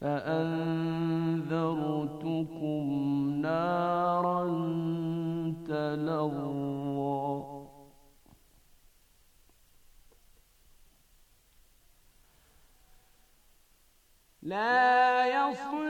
فأنذرتكم نارا تلظى لا يصل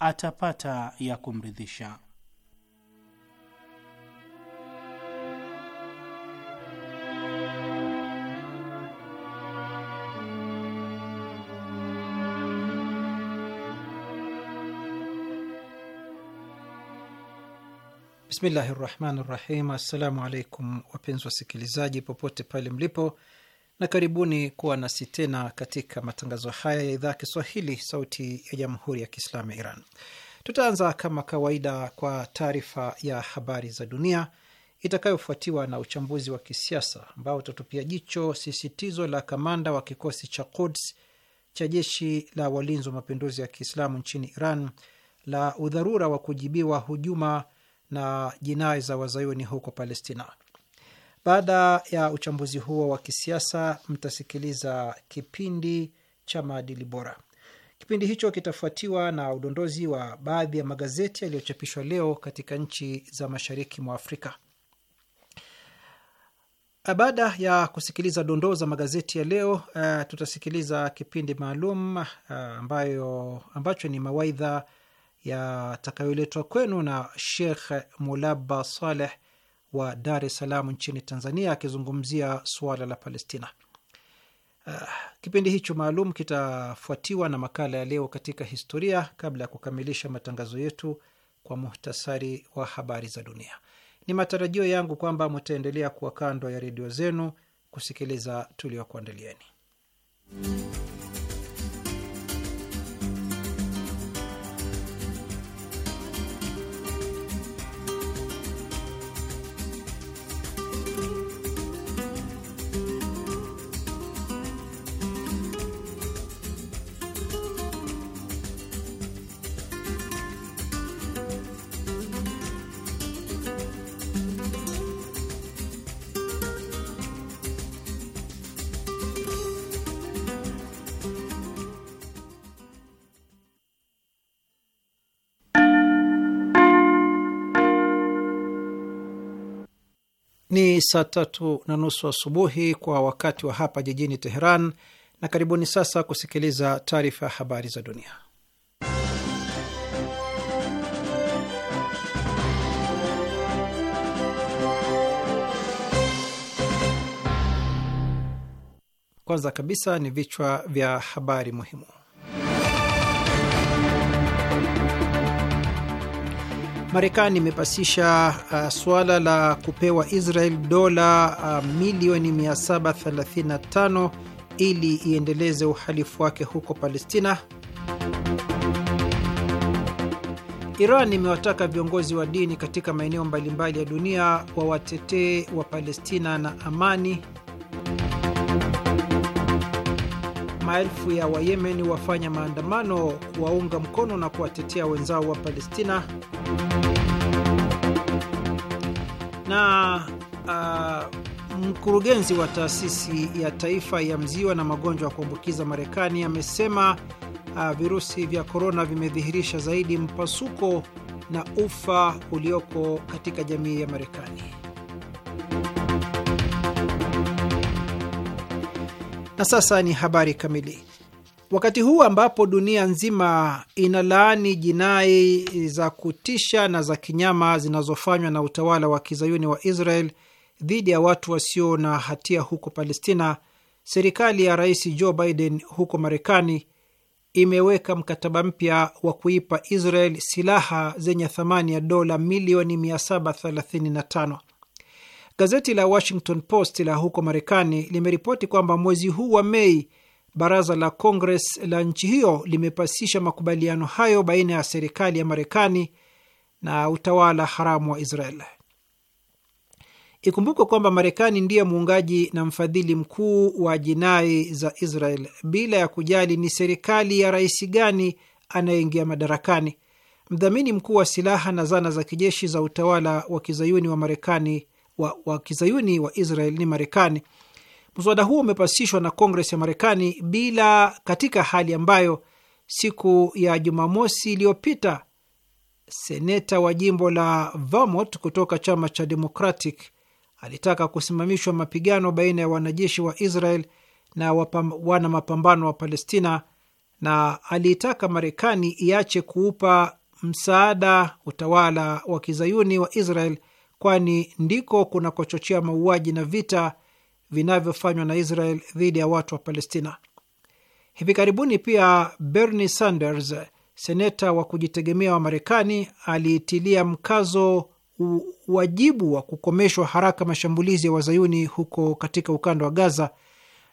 atapata ya kumridhisha. Bismillahi rahmani rahim. Assalamu alaikum wapenzi wasikilizaji popote pale mlipo na karibuni kuwa nasi tena katika matangazo haya ya idhaa ya Kiswahili, Sauti ya Jamhuri ya Kiislamu ya Iran. Tutaanza kama kawaida kwa taarifa ya habari za dunia itakayofuatiwa na uchambuzi wa kisiasa ambao utatupia jicho sisitizo la kamanda wa kikosi cha Quds cha jeshi la walinzi wa mapinduzi ya Kiislamu nchini Iran la udharura wa kujibiwa hujuma na jinai za wazayuni huko Palestina. Baada ya uchambuzi huo wa kisiasa, mtasikiliza kipindi cha maadili bora. Kipindi hicho kitafuatiwa na udondozi wa baadhi ya magazeti yaliyochapishwa leo katika nchi za mashariki mwa Afrika. Baada ya kusikiliza dondoo za magazeti ya leo, uh, tutasikiliza kipindi maalum uh, ambayo ambacho ni mawaidha yatakayoletwa kwenu na Sheikh Mulaba Saleh wa Dar es Salaam nchini Tanzania, akizungumzia suala la Palestina. Uh, kipindi hicho maalum kitafuatiwa na makala ya leo katika historia, kabla ya kukamilisha matangazo yetu kwa muhtasari wa habari za dunia. Ni matarajio yangu kwamba mtaendelea kuwa kando ya redio zenu kusikiliza tuliokuandalieni. saa tatu na nusu asubuhi wa kwa wakati wa hapa jijini Teheran, na karibuni sasa kusikiliza taarifa ya habari za dunia. Kwanza kabisa ni vichwa vya habari muhimu. Marekani imepasisha uh, suala la kupewa Israel dola uh, milioni 735 ili iendeleze uhalifu wake huko Palestina. Iran imewataka viongozi wa dini katika maeneo mbalimbali ya dunia wawatetee wa Palestina na amani. Maelfu ya Wayemeni wafanya maandamano kuwaunga mkono na kuwatetea wenzao wa Palestina na uh, mkurugenzi wa taasisi ya taifa ya mziwa na magonjwa ya kuambukiza Marekani amesema uh, virusi vya korona vimedhihirisha zaidi mpasuko na ufa ulioko katika jamii ya Marekani. Na sasa ni habari kamili. Wakati huu ambapo dunia nzima inalaani jinai za kutisha na za kinyama zinazofanywa na utawala wa kizayuni wa Israel dhidi ya watu wasio na hatia huko Palestina, serikali ya Rais Joe Biden huko Marekani imeweka mkataba mpya wa kuipa Israel silaha zenye thamani ya dola milioni 735. Gazeti la Washington Post la huko Marekani limeripoti kwamba mwezi huu wa Mei baraza la Kongres la nchi hiyo limepasisha makubaliano hayo baina ya serikali ya Marekani na utawala haramu wa Israel. Ikumbukwe kwamba Marekani ndiye muungaji na mfadhili mkuu wa jinai za Israel bila ya kujali ni serikali ya rais gani anayeingia madarakani. Mdhamini mkuu wa silaha na zana za kijeshi za utawala wa kizayuni wa Marekani wa, wa kizayuni wa Israel ni Marekani Mswada huo umepasishwa na Kongres ya Marekani bila, katika hali ambayo siku ya Jumamosi iliyopita seneta wa jimbo la Vermont kutoka chama cha Democratic alitaka kusimamishwa mapigano baina ya wanajeshi wa Israel na wana mapambano wa Palestina na aliitaka Marekani iache kuupa msaada utawala wa kizayuni wa Israel kwani ndiko kunakochochea mauaji na vita vinavyofanywa na Israel dhidi ya watu wa Palestina. Hivi karibuni pia Bernie Sanders, seneta wa kujitegemea wa Marekani, aliitilia mkazo wajibu wa kukomeshwa haraka mashambulizi ya wazayuni huko katika ukanda wa Gaza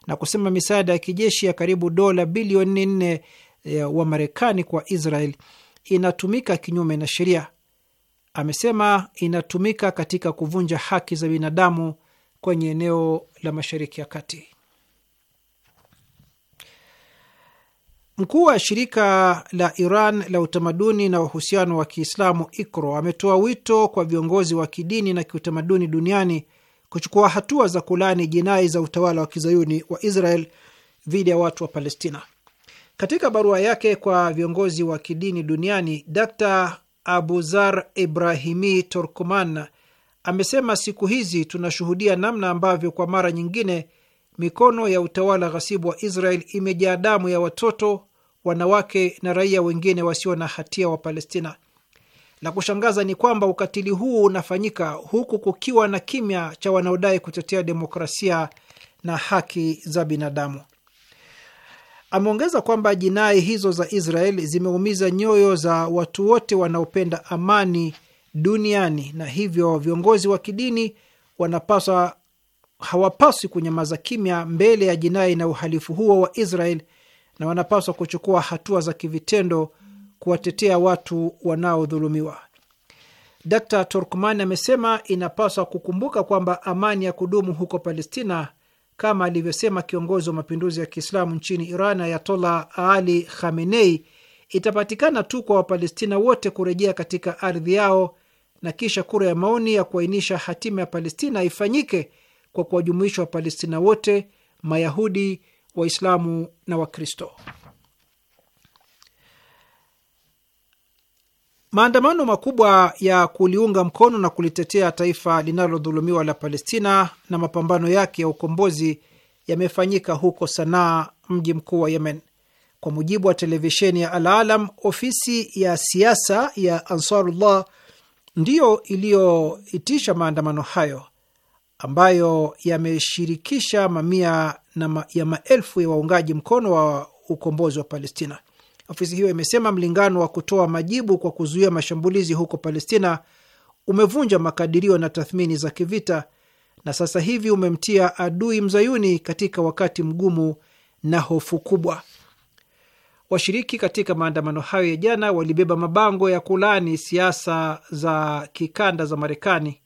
na kusema misaada ya kijeshi ya karibu dola bilioni nne e, wa Marekani kwa Israel inatumika kinyume na sheria. Amesema inatumika katika kuvunja haki za binadamu kwenye eneo la Mashariki ya Kati. Mkuu wa shirika la Iran la utamaduni na uhusiano wa Kiislamu icro ametoa wito kwa viongozi wa kidini na kiutamaduni duniani kuchukua hatua za kulani jinai za utawala wa kizayuni wa Israel dhidi ya watu wa Palestina. Katika barua yake kwa viongozi wa kidini duniani, Dr Abuzar Ibrahimi Torkoman amesema siku hizi tunashuhudia namna ambavyo kwa mara nyingine mikono ya utawala ghasibu wa Israel imejaa damu ya watoto, wanawake na raia wengine wasio na hatia wa Palestina. La kushangaza ni kwamba ukatili huu unafanyika huku kukiwa na kimya cha wanaodai kutetea demokrasia na haki za binadamu. Ameongeza kwamba jinai hizo za Israel zimeumiza nyoyo za watu wote wanaopenda amani duniani, na hivyo viongozi wa kidini wanapaswa hawapaswi kunyamaza kimya mbele ya jinai na uhalifu huo wa Israel na wanapaswa kuchukua hatua za kivitendo kuwatetea watu wanaodhulumiwa. Dr Turkman amesema inapaswa kukumbuka kwamba amani ya kudumu huko Palestina, kama alivyosema kiongozi wa mapinduzi ya Kiislamu nchini Iran Ayatola Ali Khamenei, itapatikana tu kwa Wapalestina wote kurejea katika ardhi yao na kisha kura ya maoni ya kuainisha hatima ya Palestina ifanyike kwa kuwajumuisha Wapalestina wote, Mayahudi, Waislamu na Wakristo. Maandamano makubwa ya kuliunga mkono na kulitetea taifa linalodhulumiwa la Palestina na mapambano yake ya ukombozi yamefanyika huko Sanaa, mji mkuu wa Yemen. Kwa mujibu wa televisheni ya Al Alam, ofisi ya siasa ya Ansarullah ndiyo iliyoitisha maandamano hayo ambayo yameshirikisha mamia na ma, ya maelfu ya waungaji mkono wa ukombozi wa Palestina. Ofisi hiyo imesema mlingano wa kutoa majibu kwa kuzuia mashambulizi huko Palestina umevunja makadirio na tathmini za kivita na sasa hivi umemtia adui mzayuni katika wakati mgumu na hofu kubwa. Washiriki katika maandamano hayo ya jana walibeba mabango ya kulani siasa za kikanda za Marekani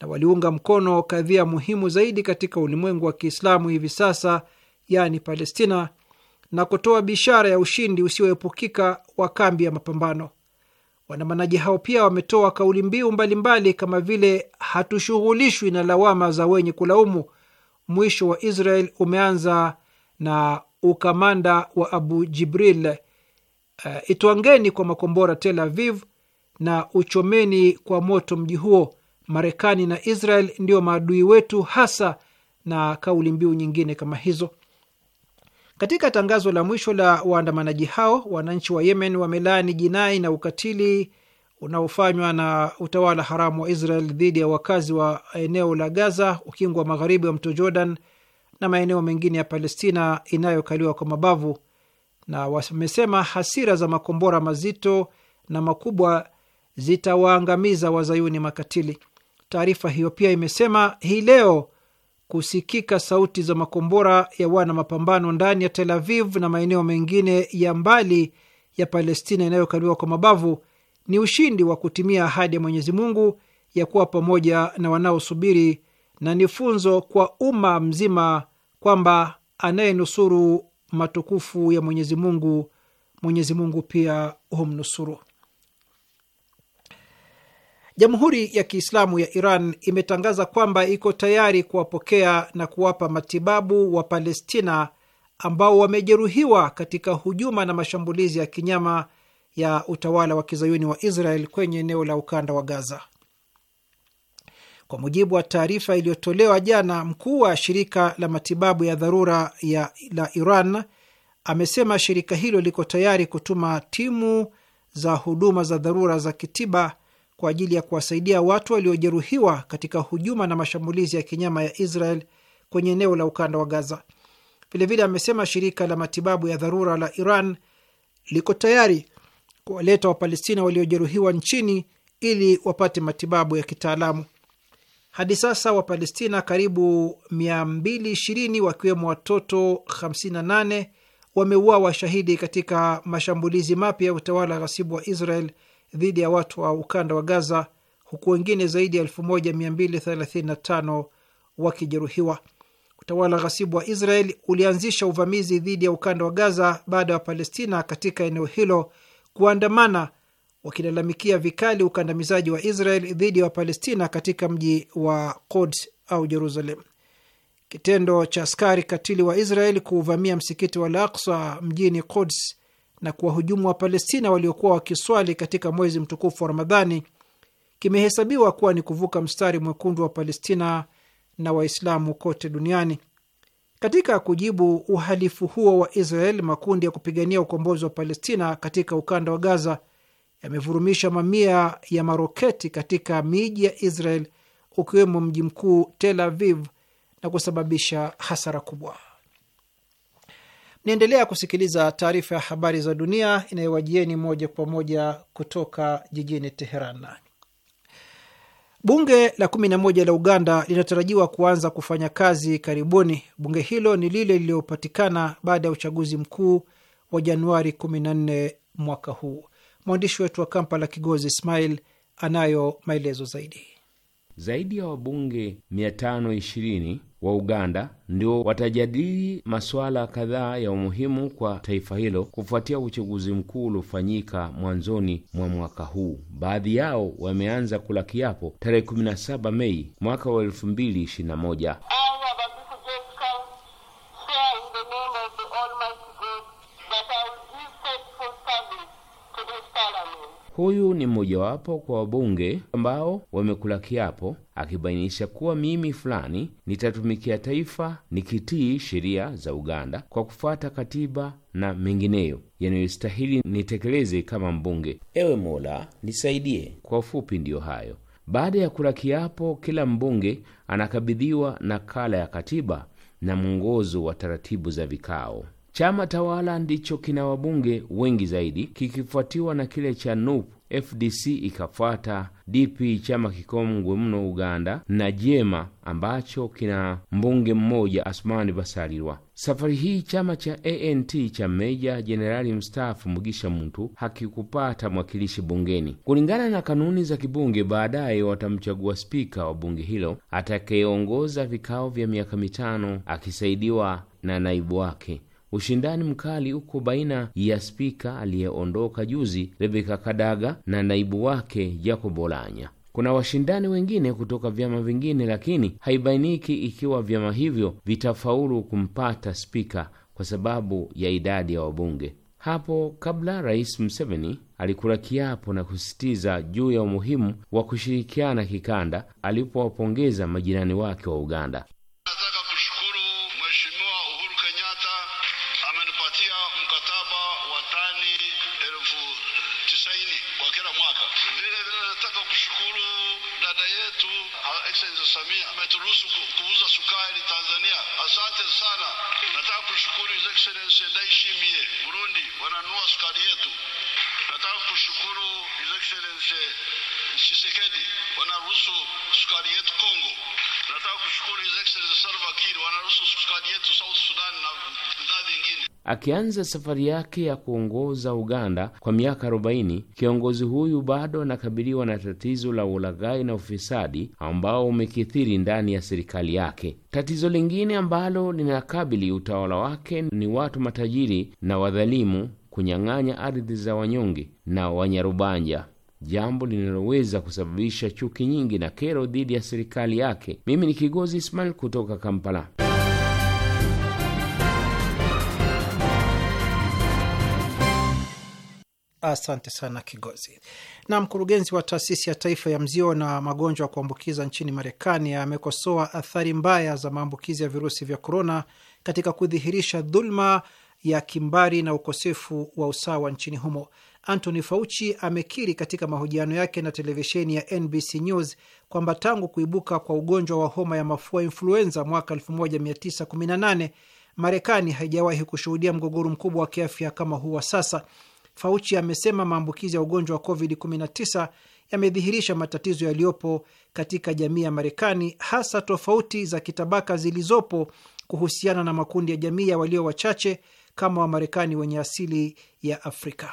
na waliunga mkono kadhia muhimu zaidi katika ulimwengu wa Kiislamu hivi sasa, yaani Palestina, na kutoa bishara ya ushindi usioepukika wa kambi ya mapambano. Waandamanaji hao pia wametoa kauli mbiu mbalimbali kama vile hatushughulishwi na lawama za wenye kulaumu, mwisho wa Israel umeanza na ukamanda wa Abu Jibril, uh, itwangeni kwa makombora Tel Aviv na uchomeni kwa moto mji huo. Marekani na Israel ndio maadui wetu hasa, na kauli mbiu nyingine kama hizo. Katika tangazo la mwisho la waandamanaji hao, wananchi wa Yemen wamelaani jinai na ukatili unaofanywa na utawala haramu wa Israel dhidi ya wakazi wa eneo la Gaza, ukingo wa magharibi wa mto Jordan na maeneo mengine ya Palestina inayokaliwa kwa mabavu, na wamesema hasira za makombora mazito na makubwa zitawaangamiza wazayuni makatili. Taarifa hiyo pia imesema hii leo kusikika sauti za makombora ya wana mapambano ndani ya Tel Aviv na maeneo mengine ya mbali ya Palestina inayokaliwa kwa mabavu ni ushindi wa kutimia ahadi ya Mwenyezi Mungu ya kuwa pamoja na wanaosubiri na ni funzo kwa umma mzima kwamba anayenusuru matukufu ya Mwenyezi Mungu, Mwenyezi Mungu pia humnusuru. Jamhuri ya Kiislamu ya Iran imetangaza kwamba iko tayari kuwapokea na kuwapa matibabu wa Palestina ambao wamejeruhiwa katika hujuma na mashambulizi ya kinyama ya utawala wa kizayuni wa Israel kwenye eneo la ukanda wa Gaza. Kwa mujibu wa taarifa iliyotolewa jana, mkuu wa shirika la matibabu ya dharura ya, la Iran amesema shirika hilo liko tayari kutuma timu za huduma za dharura za kitiba kwa ajili ya kuwasaidia watu waliojeruhiwa katika hujuma na mashambulizi ya kinyama ya Israel kwenye eneo la ukanda wa Gaza. Vilevile amesema shirika la matibabu ya dharura la Iran liko tayari kuwaleta Wapalestina waliojeruhiwa nchini ili wapate matibabu ya kitaalamu. Hadi sasa Wapalestina karibu 220 wakiwemo watoto 58 wameua washahidi katika mashambulizi mapya ya utawala ghasibu wa Israel dhidi ya watu wa ukanda wa Gaza, huku wengine zaidi ya 1235 wakijeruhiwa. Utawala ghasibu wa Israel ulianzisha uvamizi dhidi ya ukanda wa Gaza baada ya Wapalestina katika eneo hilo kuandamana wakilalamikia vikali ukandamizaji wa Israel dhidi ya wa Wapalestina katika mji wa Quds au Jerusalem. Kitendo cha askari katili wa Israel kuuvamia msikiti wa Al-Aqsa mjini Quds na kuwahujumu Wapalestina waliokuwa wakiswali katika mwezi mtukufu wa Ramadhani kimehesabiwa kuwa ni kuvuka mstari mwekundu wa Palestina na Waislamu kote duniani. Katika kujibu uhalifu huo wa Israel, makundi ya kupigania ukombozi wa Palestina katika ukanda wa Gaza yamevurumisha mamia ya maroketi katika miji ya Israel ukiwemo mji mkuu Tel Aviv na kusababisha hasara kubwa. Naendelea kusikiliza taarifa ya habari za dunia inayowajieni moja kwa moja kutoka jijini Teheran. Bunge la kumi na moja la Uganda linatarajiwa kuanza kufanya kazi karibuni. Bunge hilo ni lile lililopatikana baada ya uchaguzi mkuu wa Januari 14 mwaka huu. Mwandishi wetu wa Kampala, Kigozi Ismail, anayo maelezo zaidi. Zaidi ya wabunge 520 wa Uganda ndio watajadili masuala kadhaa ya umuhimu kwa taifa hilo kufuatia uchaguzi mkuu uliofanyika mwanzoni mwa mwaka huu. Baadhi yao wameanza kula kiapo tarehe 17 Mei mwaka wa 2021. Huyu ni mmojawapo kwa wabunge ambao wamekula kiapo akibainisha kuwa mimi fulani nitatumikia taifa nikitii sheria za Uganda kwa kufuata katiba na mengineyo yanayostahili nitekeleze kama mbunge. Ewe Mola nisaidie. Kwa ufupi, ndiyo hayo. Baada ya kula kiapo, kila mbunge anakabidhiwa nakala ya katiba na mwongozo wa taratibu za vikao. Chama tawala ndicho kina wabunge wengi zaidi kikifuatiwa na kile cha NUP, FDC ikafuata, DP chama kikongwe mno Uganda, na Jema ambacho kina mbunge mmoja Asmani Basalirwa. Safari hii chama cha ANT cha meja jenerali mstaafu Mugisha Muntu hakikupata mwakilishi bungeni. Kulingana na kanuni za kibunge, baadaye watamchagua spika wa bunge hilo atakayeongoza vikao vya miaka mitano akisaidiwa na naibu wake. Ushindani mkali uko baina ya spika aliyeondoka juzi Rebeka Kadaga na naibu wake Jacob Olanya. Kuna washindani wengine kutoka vyama vingine, lakini haibainiki ikiwa vyama hivyo vitafaulu kumpata spika kwa sababu ya idadi ya wabunge. Hapo kabla Rais Museveni alikula kiapo na kusisitiza juu ya umuhimu wa kushirikiana kikanda alipowapongeza majirani wake wa Uganda. wote Tshisekedi wanaruhusu sukari yetu Kongo. Nataka kushukuru His Excellency Salva Kiir wanaruhusu sukari yetu South Sudan na bidhaa nyingine. Akianza safari yake ya kuongoza Uganda kwa miaka 40, kiongozi huyu bado anakabiliwa na tatizo la ulaghai na ufisadi ambao umekithiri ndani ya serikali yake. Tatizo lingine ambalo linakabili utawala wake ni watu matajiri na wadhalimu kunyang'anya ardhi za wanyonge na wanyarubanja jambo linaloweza kusababisha chuki nyingi na kero dhidi ya serikali yake. Mimi ni Kigozi Ismail kutoka Kampala. Asante sana Kigozi. Na mkurugenzi wa taasisi ya taifa ya mzio na magonjwa ya kuambukiza nchini Marekani amekosoa athari mbaya za maambukizi ya virusi vya korona katika kudhihirisha dhuluma ya kimbari na ukosefu wa usawa nchini humo. Anthony Fauci amekiri katika mahojiano yake na televisheni ya NBC News kwamba tangu kuibuka kwa ugonjwa wa homa ya mafua influenza mwaka 1918 Marekani haijawahi kushuhudia mgogoro mkubwa wa kiafya kama huu wa sasa. Fauci amesema maambukizi ya ugonjwa wa COVID-19 yamedhihirisha matatizo yaliyopo katika jamii ya Marekani, hasa tofauti za kitabaka zilizopo kuhusiana na makundi ya jamii ya walio wachache kama Wamarekani wenye asili ya Afrika.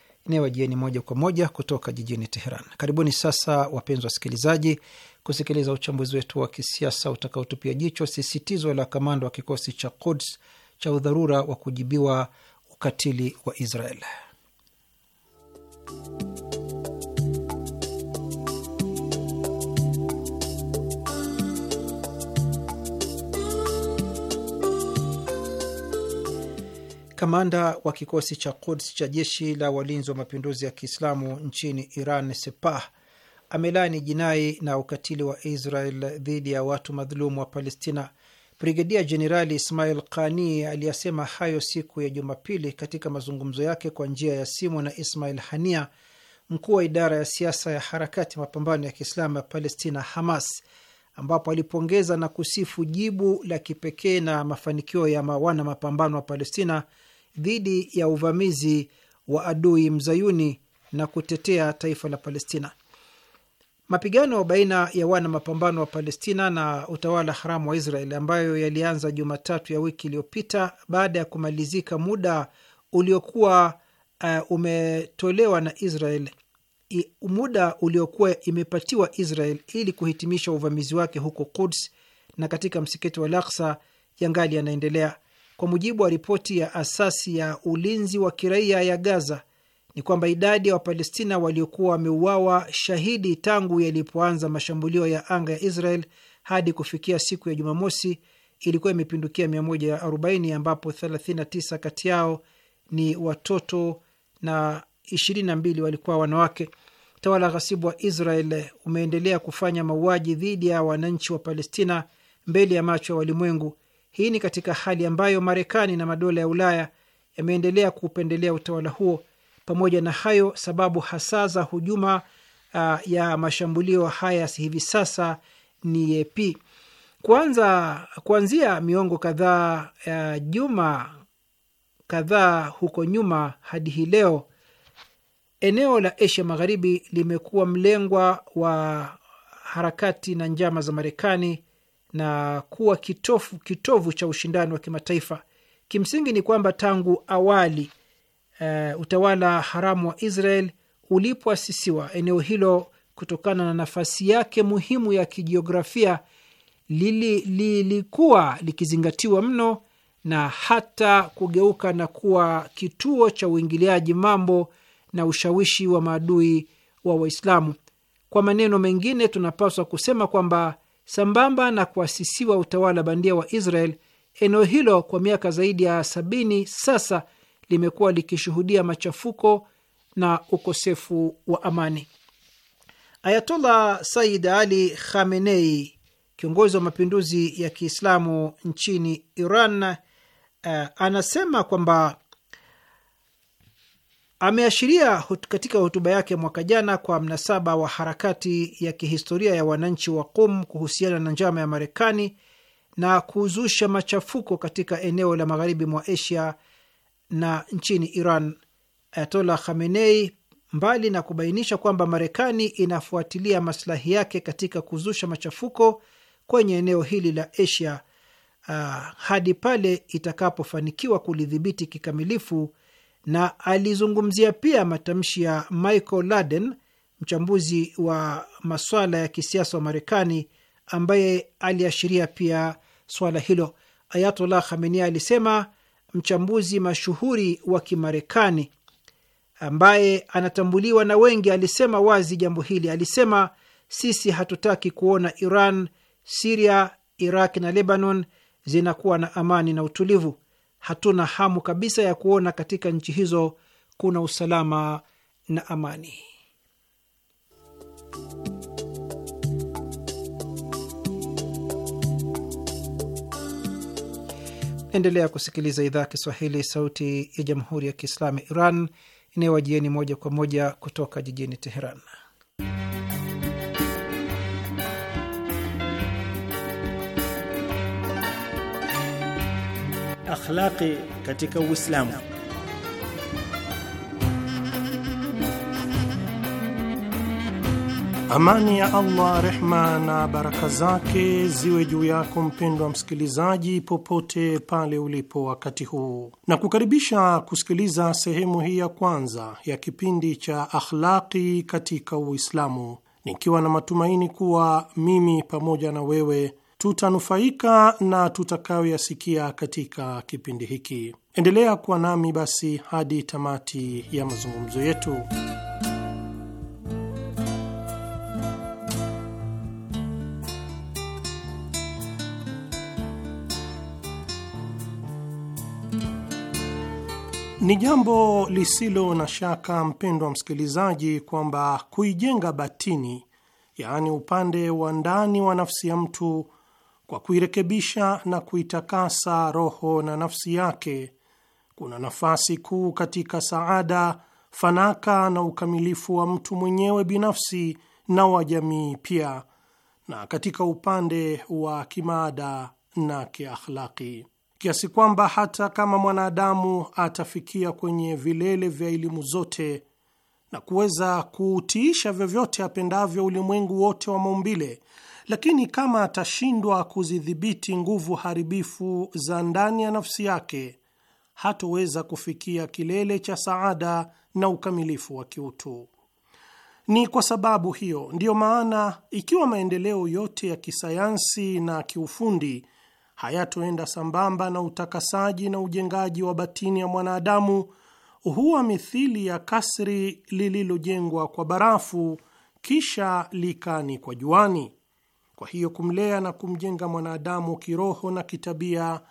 inayowajieni moja kwa moja kutoka jijini Teheran. Karibuni sasa, wapenzi wasikilizaji, kusikiliza uchambuzi wetu wa kisiasa utakaotupia jicho sisitizo la kamanda wa kikosi cha Quds cha udharura wa kujibiwa ukatili wa Israel. kamanda wa kikosi cha Quds cha jeshi la walinzi wa mapinduzi ya Kiislamu nchini Iran, Sepah, amelaani jinai na ukatili wa Israel dhidi ya watu madhulumu wa Palestina. Brigedia Jenerali Ismail Qani aliyasema hayo siku ya Jumapili katika mazungumzo yake kwa njia ya simu na Ismail Hania, mkuu wa idara ya siasa ya harakati mapambano ya Kiislamu ya Palestina, Hamas, ambapo alipongeza na kusifu jibu la kipekee na mafanikio ya mawana mapambano wa Palestina dhidi ya uvamizi wa adui mzayuni na kutetea taifa la Palestina. Mapigano baina ya wana mapambano wa Palestina na utawala haramu wa Israeli ambayo yalianza Jumatatu ya wiki iliyopita baada ya kumalizika muda uliokuwa uh, umetolewa na Israel I, muda uliokuwa imepatiwa Israel ili kuhitimisha uvamizi wake huko Quds na katika msikiti wa Al-Aqsa yangali yanaendelea. Kwa mujibu wa ripoti ya asasi ya ulinzi wa kiraia ya Gaza ni kwamba idadi ya Wapalestina waliokuwa wameuawa shahidi tangu yalipoanza mashambulio ya anga ya Israel hadi kufikia siku ya Jumamosi ilikuwa imepindukia 140 ambapo 39 kati yao ni watoto na 22 walikuwa wanawake. tawala ghasibu wa Israel umeendelea kufanya mauaji dhidi ya wananchi wa Palestina mbele ya macho ya walimwengu hii ni katika hali ambayo Marekani na madola ya Ulaya yameendelea kuupendelea utawala huo. Pamoja na hayo, sababu hasa za hujuma uh, ya mashambulio haya hivi sasa ni yepi? Kwanza, kuanzia miongo kadhaa ya uh, juma kadhaa huko nyuma hadi hii leo, eneo la Asia Magharibi limekuwa mlengwa wa harakati na njama za Marekani na kuwa kitofu, kitovu cha ushindani wa kimataifa. Kimsingi ni kwamba tangu awali uh, utawala haramu wa Israel ulipoasisiwa eneo hilo kutokana na nafasi yake muhimu ya kijiografia lilikuwa li, likizingatiwa mno na hata kugeuka na kuwa kituo cha uingiliaji mambo na ushawishi wa maadui wa Waislamu. Kwa maneno mengine, tunapaswa kusema kwamba Sambamba na kuasisiwa utawala bandia wa Israel, eneo hilo kwa miaka zaidi ya sabini sasa limekuwa likishuhudia machafuko na ukosefu wa amani. Ayatollah Sayyid Ali Khamenei, kiongozi wa mapinduzi ya Kiislamu nchini Iran, uh, anasema kwamba Ameashiria katika hotuba yake mwaka jana kwa mnasaba wa harakati ya kihistoria ya wananchi wa Qum kuhusiana na njama ya Marekani na kuzusha machafuko katika eneo la magharibi mwa Asia na nchini Iran. Ayatollah Khamenei, mbali na kubainisha kwamba Marekani inafuatilia maslahi yake katika kuzusha machafuko kwenye eneo hili la Asia, uh, hadi pale itakapofanikiwa kulidhibiti kikamilifu na alizungumzia pia matamshi ya Michael Laden, mchambuzi wa maswala ya kisiasa wa Marekani, ambaye aliashiria pia swala hilo. Ayatollah Khamenei alisema mchambuzi mashuhuri wa Kimarekani ambaye anatambuliwa na wengi alisema wazi jambo hili. Alisema, sisi hatutaki kuona Iran, Siria, Iraq na Lebanon zinakuwa na amani na utulivu hatuna hamu kabisa ya kuona katika nchi hizo kuna usalama na amani. Endelea kusikiliza idhaa Kiswahili, sauti ya jamhuri ya kiislamu Iran inayowajieni moja kwa moja kutoka jijini Teheran. akhlaqi katika Uislamu. Amani ya Allah, rehma na baraka zake ziwe juu yako mpendwa msikilizaji, popote pale ulipo wakati huu, na kukaribisha kusikiliza sehemu hii ya kwanza ya kipindi cha akhlaqi katika Uislamu, nikiwa na matumaini kuwa mimi pamoja na wewe tutanufaika na tutakayoyasikia katika kipindi hiki. Endelea kuwa nami basi hadi tamati ya mazungumzo yetu. Ni jambo lisilo na shaka, mpendwa msikilizaji, kwamba kuijenga batini, yaani upande wa ndani wa nafsi ya mtu kwa kuirekebisha na kuitakasa roho na nafsi yake kuna nafasi kuu katika saada, fanaka na ukamilifu wa mtu mwenyewe binafsi na wa jamii pia, na katika upande wa kimaada na kiakhlaki, kiasi kwamba hata kama mwanadamu atafikia kwenye vilele vya elimu zote na kuweza kuutiisha vyovyote apendavyo ulimwengu wote wa maumbile lakini kama atashindwa kuzidhibiti nguvu haribifu za ndani ya nafsi yake, hatoweza kufikia kilele cha saada na ukamilifu wa kiutu. Ni kwa sababu hiyo ndiyo maana ikiwa maendeleo yote ya kisayansi na kiufundi hayatoenda sambamba na utakasaji na ujengaji wa batini ya mwanadamu, huwa mithili ya kasri lililojengwa kwa barafu kisha likani kwa juani. Kwa hiyo kumlea na kumjenga mwanadamu kiroho na kitabia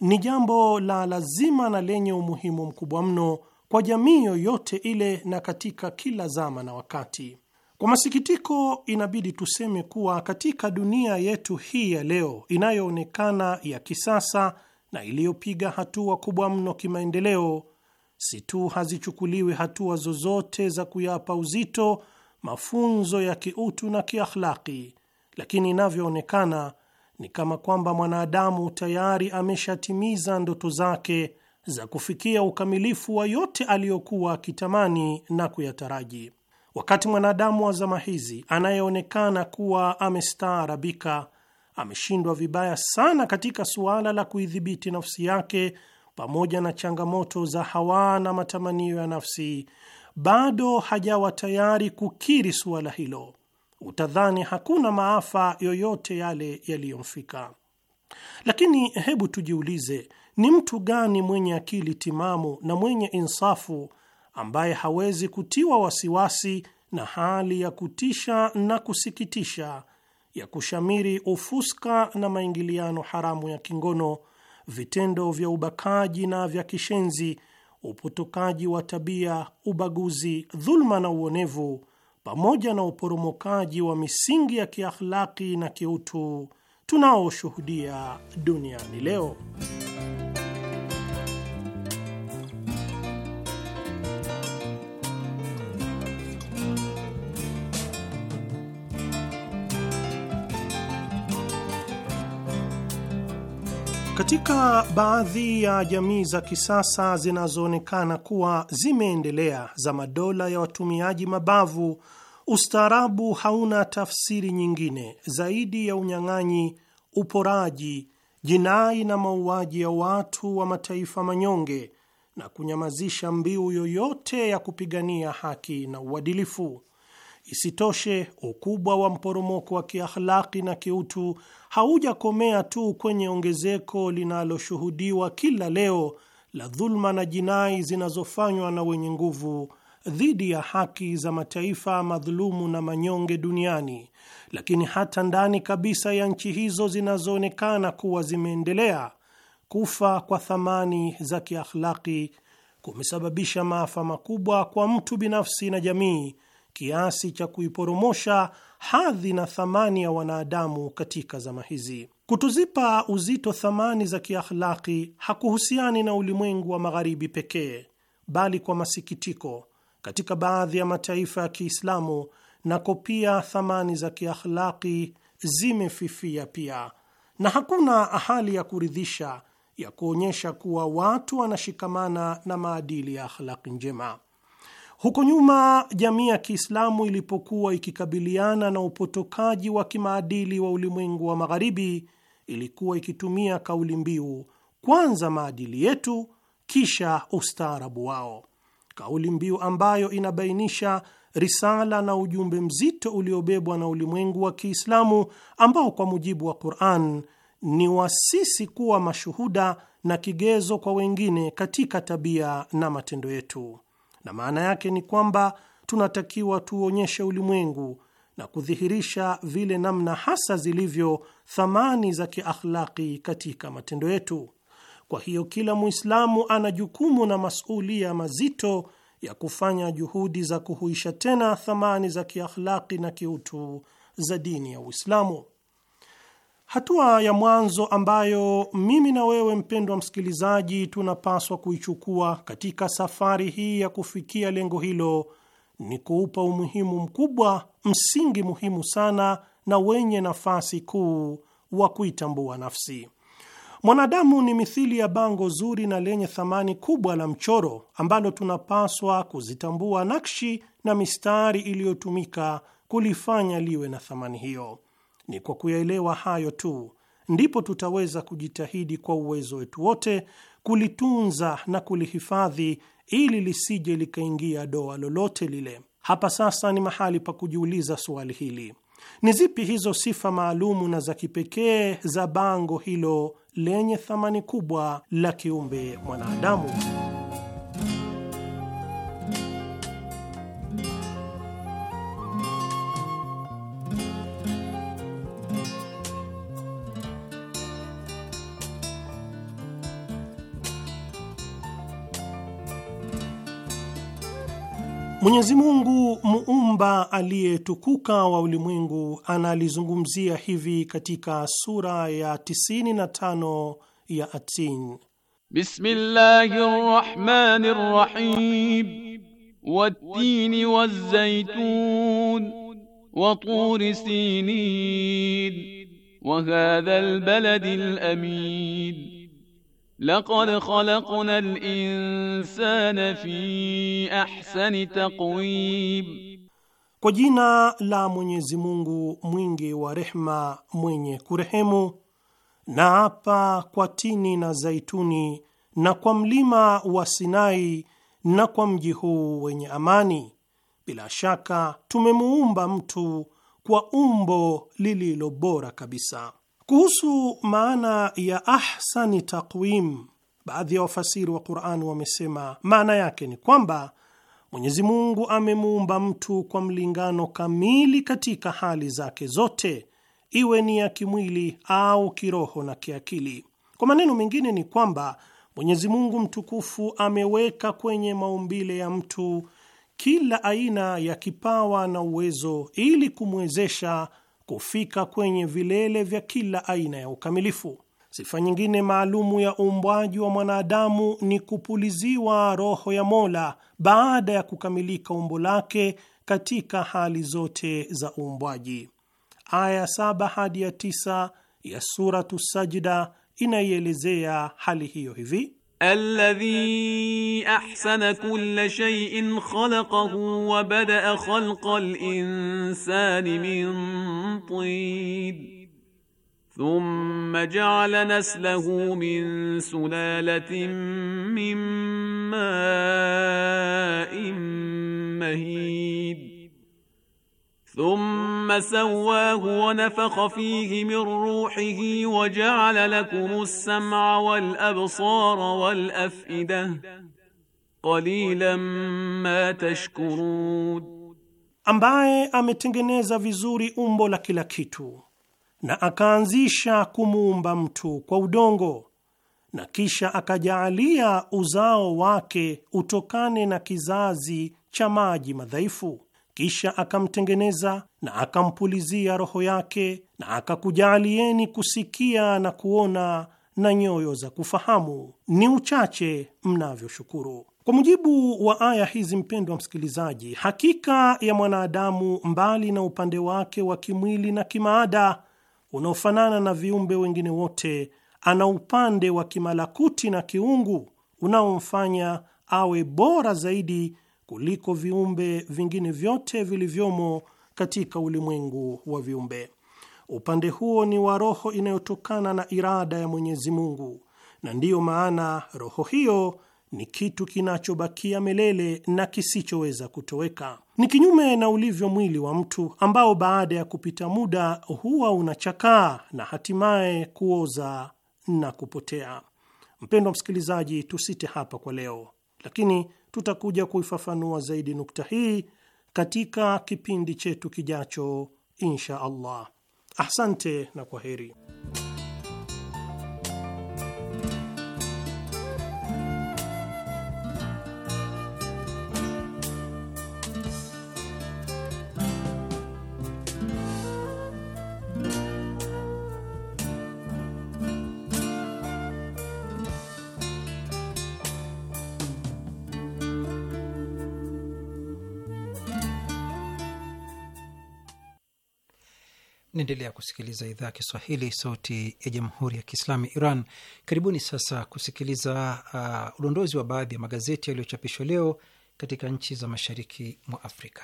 ni jambo la lazima na lenye umuhimu mkubwa mno kwa jamii yoyote ile na katika kila zama na wakati. Kwa masikitiko, inabidi tuseme kuwa katika dunia yetu hii ya leo inayoonekana ya kisasa na iliyopiga hatua kubwa mno kimaendeleo, si tu hazichukuliwi hatua zozote za kuyapa uzito mafunzo ya kiutu na kiakhlaki, lakini inavyoonekana ni kama kwamba mwanadamu tayari ameshatimiza ndoto zake za kufikia ukamilifu wa yote aliyokuwa akitamani na kuyataraji. Wakati mwanadamu wa zama hizi anayeonekana kuwa amestaarabika, ameshindwa vibaya sana katika suala la kuidhibiti nafsi yake pamoja na changamoto za hawa na matamanio ya nafsi, bado hajawa tayari kukiri suala hilo utadhani hakuna maafa yoyote yale yaliyomfika. Lakini hebu tujiulize, ni mtu gani mwenye akili timamu na mwenye insafu ambaye hawezi kutiwa wasiwasi na hali ya kutisha na kusikitisha ya kushamiri ufuska na maingiliano haramu ya kingono, vitendo vya ubakaji na vya kishenzi, upotokaji wa tabia, ubaguzi, dhuluma na uonevu pamoja na uporomokaji wa misingi ya kiakhlaki na kiutu tunaoshuhudia duniani leo. Katika baadhi ya jamii za kisasa zinazoonekana kuwa zimeendelea za madola ya watumiaji mabavu Ustaarabu hauna tafsiri nyingine zaidi ya unyang'anyi, uporaji, jinai na mauaji ya watu wa mataifa manyonge na kunyamazisha mbiu yoyote ya kupigania haki na uadilifu. Isitoshe, ukubwa wa mporomoko wa kiakhlaki na kiutu haujakomea tu kwenye ongezeko linaloshuhudiwa kila leo la dhuluma na jinai zinazofanywa na wenye nguvu dhidi ya haki za mataifa madhulumu na manyonge duniani, lakini hata ndani kabisa ya nchi hizo zinazoonekana kuwa zimeendelea, kufa kwa thamani za kiakhlaki kumesababisha maafa makubwa kwa mtu binafsi na jamii, kiasi cha kuiporomosha hadhi na thamani ya wanadamu katika zama hizi. Kutuzipa uzito thamani za kiakhlaki hakuhusiani na ulimwengu wa Magharibi pekee, bali kwa masikitiko katika baadhi ya mataifa ya Kiislamu, nako pia thamani za kiakhlaki zimefifia pia, na hakuna hali ya kuridhisha ya kuonyesha kuwa watu wanashikamana na maadili ya akhlaki njema. Huko nyuma jamii ya Kiislamu ilipokuwa ikikabiliana na upotokaji wa kimaadili wa ulimwengu wa Magharibi, ilikuwa ikitumia kauli mbiu, kwanza maadili yetu, kisha ustaarabu wao kauli mbiu ambayo inabainisha risala na ujumbe mzito uliobebwa na ulimwengu wa Kiislamu ambao kwa mujibu wa Quran ni wasisi kuwa mashuhuda na kigezo kwa wengine katika tabia na matendo yetu, na maana yake ni kwamba tunatakiwa tuonyeshe ulimwengu na kudhihirisha vile namna hasa zilivyo thamani za kiakhlaki katika matendo yetu. Kwa hiyo kila Mwislamu ana jukumu na masulia mazito ya kufanya juhudi za kuhuisha tena thamani za kiakhlaki na kiutu za dini ya Uislamu. Hatua ya mwanzo ambayo mimi na wewe mpendwa msikilizaji, tunapaswa kuichukua katika safari hii ya kufikia lengo hilo ni kuupa umuhimu mkubwa msingi muhimu sana na wenye nafasi kuu wa kuitambua nafsi. Mwanadamu ni mithili ya bango zuri na lenye thamani kubwa la mchoro ambalo tunapaswa kuzitambua nakshi na mistari iliyotumika kulifanya liwe na thamani hiyo. Ni kwa kuyaelewa hayo tu ndipo tutaweza kujitahidi kwa uwezo wetu wote kulitunza na kulihifadhi ili lisije likaingia doa lolote lile. Hapa sasa ni mahali pa kujiuliza suali hili: ni zipi hizo sifa maalumu na za kipekee za bango hilo lenye thamani kubwa la kiumbe mwanadamu? Mwenyezi Mungu muumba aliyetukuka wa ulimwengu analizungumzia hivi katika sura ya 95 ya Atin: Bismillahir Rahmanir Rahim wat-tini wa turi sinin wa hadha al-baladi al Laqad khalaqna al-insana fi ahsani taqwim, kwa jina la Mwenyezi Mungu mwingi wa rehma mwenye kurehemu. Na hapa kwa tini na zaituni na kwa mlima wa Sinai na kwa mji huu wenye amani, bila shaka tumemuumba mtu kwa umbo lililo bora kabisa. Kuhusu maana ya ahsani taqwim, baadhi ya wafasiri wa Qur'an wamesema maana yake ni kwamba Mwenyezi Mungu amemuumba mtu kwa mlingano kamili katika hali zake zote, iwe ni ya kimwili au kiroho na kiakili. Kwa maneno mengine ni kwamba Mwenyezi Mungu mtukufu ameweka kwenye maumbile ya mtu kila aina ya kipawa na uwezo ili kumwezesha kufika kwenye vilele vya kila aina ya ukamilifu. Sifa nyingine maalumu ya uumbwaji wa mwanadamu ni kupuliziwa roho ya Mola baada ya kukamilika umbo lake katika hali zote za uumbwaji. Aya saba hadi ya tisa ya Suratu Sajida inaielezea hali hiyo hivi: الذي احسن كل شيء خلقه وبدا خلق الانسان من طين ثم جعل نسله من سلاله من ماء مهين thumma sawwahu wa nafakha fihi min ruhihi wa ja'ala lakum as-sam'a wal absara wal af'ida qalilan ma tashkurun, ambaye ametengeneza vizuri umbo la kila kitu na akaanzisha kumuumba mtu kwa udongo na kisha akajaalia uzao wake utokane na kizazi cha maji madhaifu kisha akamtengeneza na akampulizia roho yake na akakujaalieni kusikia na kuona na nyoyo za kufahamu, ni uchache mnavyoshukuru. Kwa mujibu wa aya hizi, mpendwa msikilizaji, hakika ya mwanadamu, mbali na upande wake wa kimwili na kimaada unaofanana na viumbe wengine wote, ana upande wa kimalakuti na kiungu unaomfanya awe bora zaidi kuliko viumbe vingine vyote vilivyomo katika ulimwengu wa viumbe. Upande huo ni wa roho inayotokana na irada ya Mwenyezi Mungu, na ndiyo maana roho hiyo ni kitu kinachobakia milele na kisichoweza kutoweka. Ni kinyume na ulivyo mwili wa mtu ambao baada ya kupita muda huwa unachakaa na hatimaye kuoza na kupotea. Mpendwa msikilizaji, tusite hapa kwa leo, lakini Tutakuja kuifafanua zaidi nukta hii katika kipindi chetu kijacho, insha Allah. Asante na kwa heri. Naendelea kusikiliza idhaa ya Kiswahili, sauti ya jamhuri ya kiislamu Iran. Karibuni sasa kusikiliza uh, udondozi wa baadhi ya magazeti yaliyochapishwa leo katika nchi za mashariki mwa Afrika.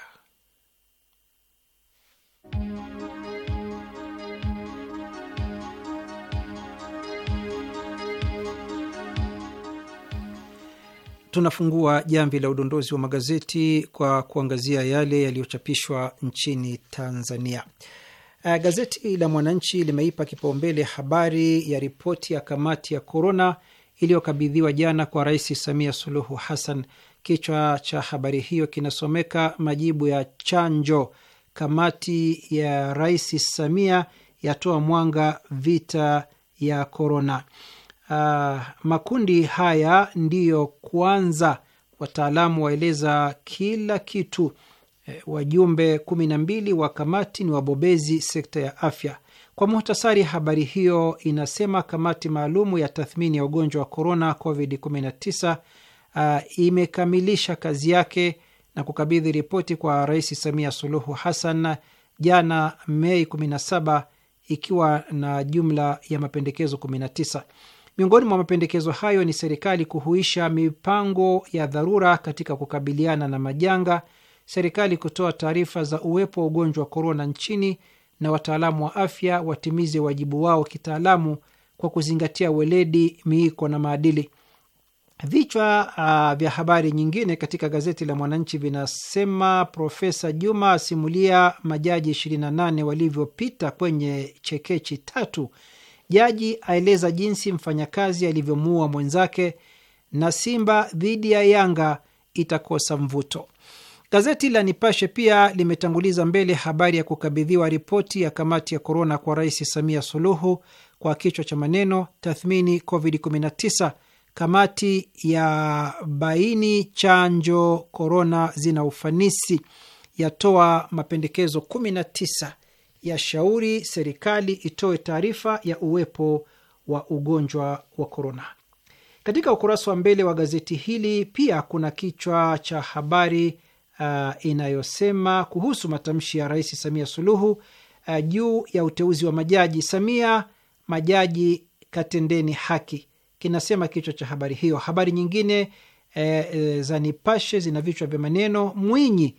Tunafungua jamvi la udondozi wa magazeti kwa kuangazia yale yaliyochapishwa nchini Tanzania. Uh, gazeti la Mwananchi limeipa kipaumbele habari ya ripoti ya kamati ya korona iliyokabidhiwa jana kwa Rais Samia Suluhu Hassan. Kichwa cha habari hiyo kinasomeka majibu ya chanjo, kamati ya Rais Samia yatoa mwanga vita ya korona. Uh, makundi haya ndiyo kwanza, wataalamu waeleza kila kitu Eh, wajumbe kumi na mbili wa kamati ni wabobezi sekta ya afya. Kwa muhtasari, habari hiyo inasema kamati maalumu ya tathmini ya ugonjwa wa korona COVID-19 uh, imekamilisha kazi yake na kukabidhi ripoti kwa Rais Samia Suluhu Hassan jana Mei 17 ikiwa na jumla ya mapendekezo 19. Miongoni mwa mapendekezo hayo ni serikali kuhuisha mipango ya dharura katika kukabiliana na majanga serikali kutoa taarifa za uwepo wa ugonjwa wa korona nchini na wataalamu wa afya watimize wajibu wao kitaalamu kwa kuzingatia weledi, miiko na maadili. Vichwa uh, vya habari nyingine katika gazeti la Mwananchi vinasema Profesa Juma asimulia majaji 28 walivyopita kwenye chekechi tatu. Jaji aeleza jinsi mfanyakazi alivyomuua mwenzake, na Simba dhidi ya Yanga itakosa mvuto. Gazeti la Nipashe pia limetanguliza mbele habari ya kukabidhiwa ripoti ya kamati ya korona kwa Rais Samia Suluhu kwa kichwa cha maneno tathmini COVID-19, kamati ya baini chanjo korona zina ufanisi, yatoa mapendekezo 19 ya shauri serikali itoe taarifa ya uwepo wa ugonjwa wa korona. Katika ukurasa wa mbele wa gazeti hili pia kuna kichwa cha habari uh, inayosema kuhusu matamshi ya Rais Samia Suluhu uh, juu ya uteuzi wa majaji. Samia, majaji katendeni haki, kinasema kichwa cha habari hiyo. Habari nyingine eh, eh za Nipashe zina vichwa vya maneno: Mwinyi,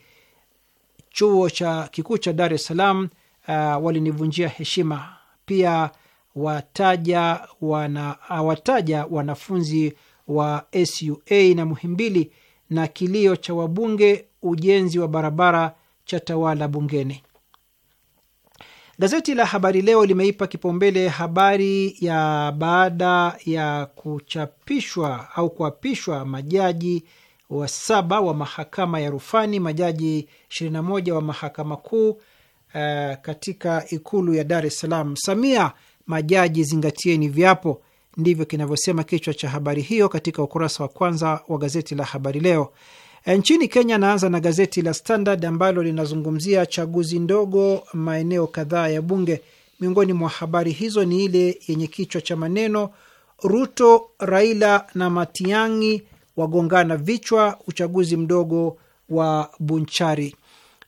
chuo cha kikuu cha Dar es Salaam uh, walinivunjia heshima. Pia wataja, wana, uh, wataja wanafunzi wa SUA na Muhimbili na kilio cha wabunge ujenzi wa barabara cha tawala bungeni. Gazeti la Habari Leo limeipa kipaumbele habari ya baada ya kuchapishwa au kuapishwa majaji wa saba wa mahakama ya rufani, majaji 21 wa mahakama kuu uh, katika ikulu ya Dar es Salaam. Samia, majaji zingatieni viapo, ndivyo kinavyosema kichwa cha habari hiyo katika ukurasa wa kwanza wa gazeti la Habari Leo. Nchini Kenya, naanza na gazeti la Standard ambalo linazungumzia chaguzi ndogo maeneo kadhaa ya bunge. Miongoni mwa habari hizo ni ile yenye kichwa cha maneno Ruto, Raila na Matiang'i wagongana vichwa uchaguzi mdogo wa Bunchari.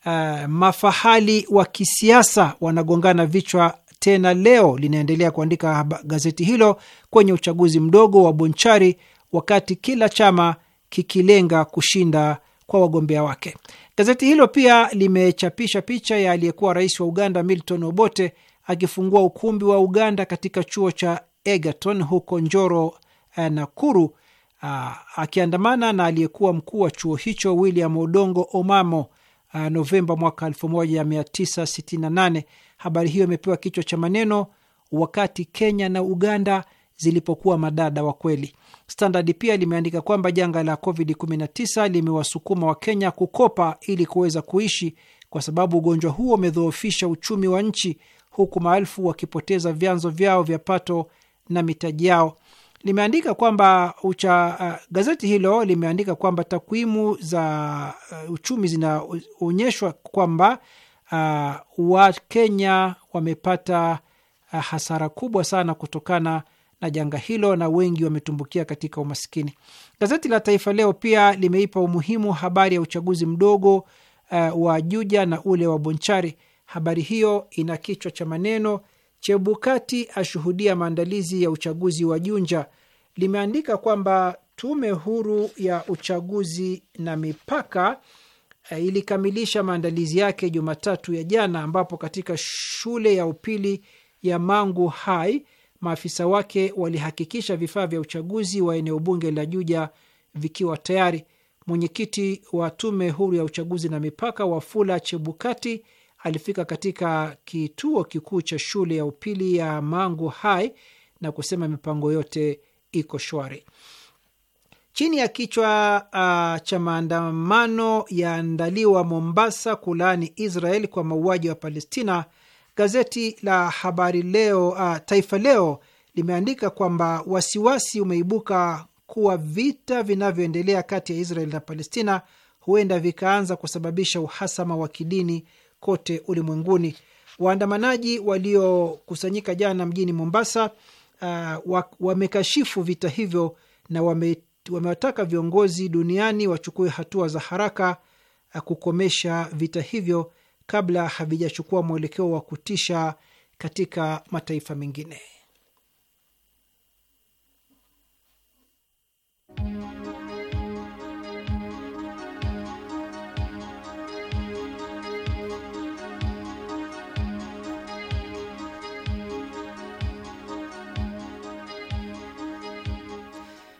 Uh, mafahali wa kisiasa wanagongana vichwa tena leo, linaendelea kuandika gazeti hilo kwenye uchaguzi mdogo wa bunchari wakati kila chama kikilenga kushinda kwa wagombea wake. Gazeti hilo pia limechapisha picha ya aliyekuwa rais wa Uganda Milton Obote akifungua ukumbi wa Uganda katika chuo cha Egerton huko Njoro, eh, Nakuru, ah, akiandamana na aliyekuwa mkuu wa chuo hicho William Odongo Omamo ah, Novemba mwaka 1968. Habari hiyo imepewa kichwa cha maneno wakati Kenya na Uganda zilipokuwa madada wa kweli. Standard pia limeandika kwamba janga la COVID-19 limewasukuma Wakenya kukopa ili kuweza kuishi kwa sababu ugonjwa huo umedhoofisha uchumi wa nchi, huku maelfu wakipoteza vyanzo vyao vya pato na mitaji yao. Limeandika kwamba ucha, uh, gazeti hilo limeandika kwamba takwimu za uh, uchumi zinaonyeshwa kwamba uh, Wakenya wamepata uh, hasara kubwa sana kutokana na janga hilo na wengi wametumbukia katika umaskini. Gazeti la Taifa Leo pia limeipa umuhimu habari ya uchaguzi mdogo uh, wa Juja na ule wa Bonchari. Habari hiyo ina kichwa cha maneno Chebukati ashuhudia maandalizi ya uchaguzi wa Junja. Limeandika kwamba tume huru ya uchaguzi na mipaka uh, ilikamilisha maandalizi yake Jumatatu ya jana, ambapo katika shule ya upili ya Mangu Hai maafisa wake walihakikisha vifaa vya uchaguzi wa eneo bunge la Juja vikiwa tayari. Mwenyekiti wa tume huru ya uchaguzi na mipaka Wafula Chebukati alifika katika kituo kikuu cha shule ya upili ya Mangu Hai na kusema mipango yote iko shwari. Chini ya kichwa uh, cha maandamano yaandaliwa Mombasa kulaani Israel kwa mauaji wa Palestina. Gazeti la habari leo uh, Taifa Leo limeandika kwamba wasiwasi umeibuka kuwa vita vinavyoendelea kati ya Israel na Palestina huenda vikaanza kusababisha uhasama wa kidini kote ulimwenguni. Waandamanaji waliokusanyika jana mjini Mombasa uh, wamekashifu vita hivyo na wamewataka viongozi duniani wachukue hatua za haraka uh, kukomesha vita hivyo kabla havijachukua mwelekeo wa kutisha katika mataifa mengine.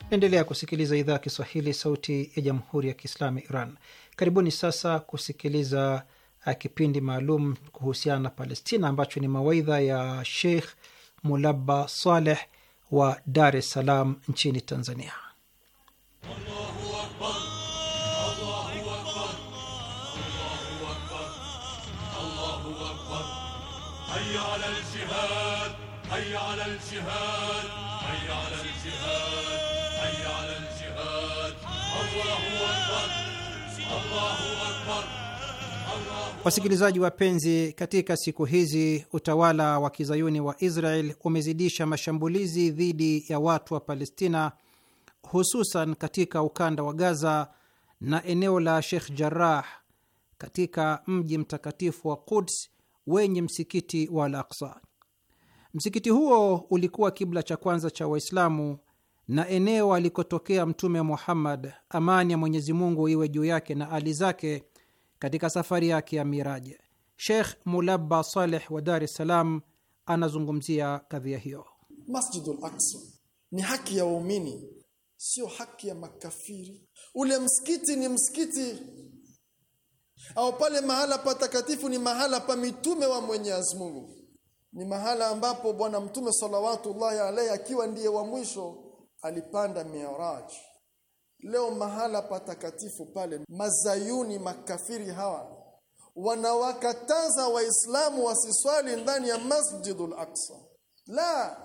Naendelea kusikiliza idhaa ya Kiswahili, sauti ya jamhuri ya kiislamu Iran. Karibuni sasa kusikiliza kipindi maalum kuhusiana na Palestina ambacho ni mawaidha ya Sheikh Mulaba Saleh wa Dar es Salaam nchini Tanzania. Allahu Akbar, Allahu Akbar, Wasikilizaji wapenzi, katika siku hizi utawala wa kizayuni wa Israel umezidisha mashambulizi dhidi ya watu wa Palestina, hususan katika ukanda wa Gaza na eneo la Sheikh Jarrah katika mji mtakatifu wa Quds wenye msikiti wa Al-Aqsa. Msikiti huo ulikuwa kibla cha kwanza cha Waislamu na eneo alikotokea Mtume Muhammad, amani ya Mwenyezi Mungu iwe juu yake na ali zake katika safari yake ya Miraje. Sheikh Mulaba Saleh wa Dar es Salaam anazungumzia kadhia hiyo. Masjidul Aqsa ni haki ya waumini, sio haki ya makafiri. Ule msikiti ni msikiti, au pale mahala patakatifu ni mahala pa mitume wa Mwenyezi Mungu, ni mahala ambapo Bwana Mtume salawatullahi alaihi akiwa ndiye wa mwisho alipanda Miaraji Leo mahala patakatifu pale mazayuni makafiri hawa wanawakataza waislamu wasiswali ndani ya Masjidul Aqsa. La,